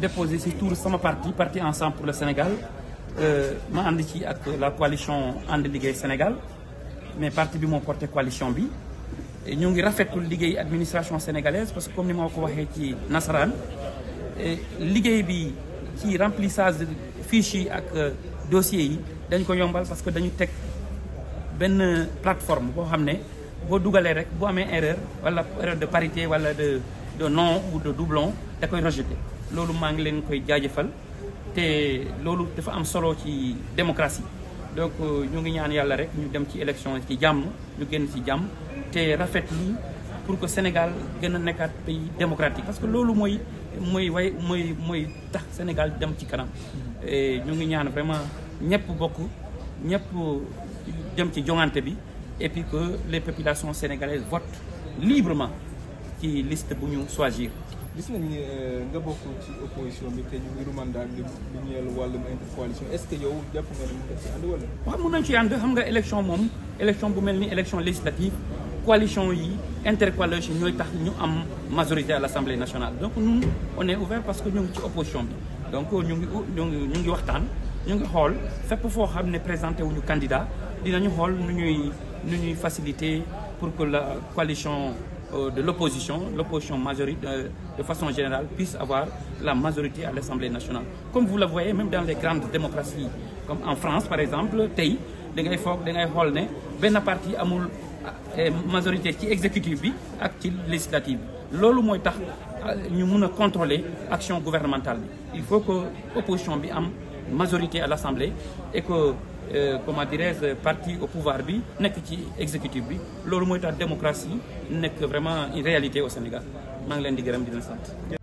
déposé tours tour m'a parti parti ensemble pour le Sénégal euh, ma suis ci la coalition Ande Sénégal mais parti bi mon porté coalition bi ñu ngi rafetul liggéey administration sénégalaise parce que comme nous avons dit waxee ci et liggéey bi ci remplissage de fichiers yi ak euh, dossiers yi dañ parce que nous avons une plateforme pour nous Si vous avez rek erreur wala erreur de parité de de non ou de doublon da koy rejeté lolu maa ngi leen koy jaajëfal te lolu dafa am solo ci démocratie donc euh, ñu ngi ñaan yalla rek ñu dem ci élection ci jamm ñu génn ci jamm té rafet lii pour que Sénégal gën a pays démocratique parce que lolu moy moy way moy moy tax Sénégal dem ci kanam ñu ngi ñaan vraiment ñëpp bokk ñëpp dem ci jonganté bi et puis que les populations sénégalaises votent librement ci liste bu ñu choisir opposition est-ce que yow jàpp nga ci élection élection bu élection législative coalition yi intercoalition majorité à l'Assemblée nationale donc nous on est ouvert parce que nous ci opposition donc nous ngi ñu ngi ñu ngi waxtaan ñu candidat dinañu pour que la coalition euh, de l'opposition, l'opposition majoritaire euh, de façon générale, puisse avoir la majorité à l'Assemblée nationale. Comme vous le voyez, même dans les grandes démocraties, comme en France par exemple, Tay, da ngay foog da ngay la partie parti amul euh, majorité ci exécutive bi législative bi moy tax ñu mun contrôler action gouvernementale il faut que l'opposition ait une majorité à l'Assemblée et que euh, comment dirais-je euh, parti au pouvoir bi que ci exécutif bi n'est que démocratie vraiment une réalité au Sénégal Je vous